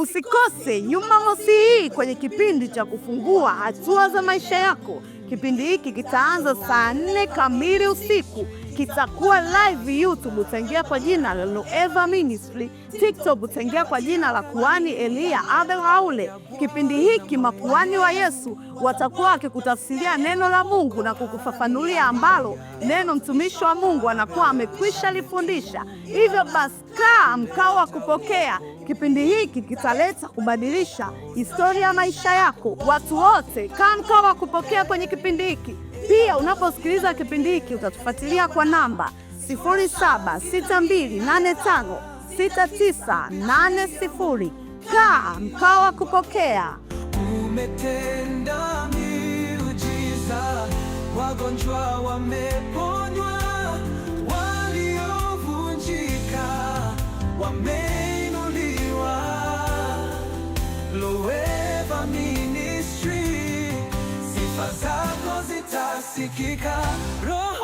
Usikose Jumamosi hii kwenye kipindi cha kufungua hatua za maisha yako. Kipindi hiki kitaanza saa nne kamili usiku kitakuwa live YouTube, utaingia kwa jina la Loeva Ministry. TikTok utaingia kwa jina la kuani Eliya Abel Haule. Kipindi hiki makuani wa Yesu watakuwa wakikutafsiria neno la Mungu na kukufafanulia ambalo neno mtumishi wa Mungu anakuwa amekwisha lifundisha. Hivyo basi, kaa mkao wa kupokea. Kipindi hiki kitaleta kubadilisha historia ya maisha yako. Watu wote, kaa mkao wa kupokea kwenye kipindi hiki. Pia unaposikiliza kipindi hiki utatufuatilia kwa namba 0762856980. Kaa Mkwawa kupokea. Umetenda miujiza, wagonjwa wameponywa, waliovunjika wameinuliwa. Loeva Ministry sifa zitasikika roho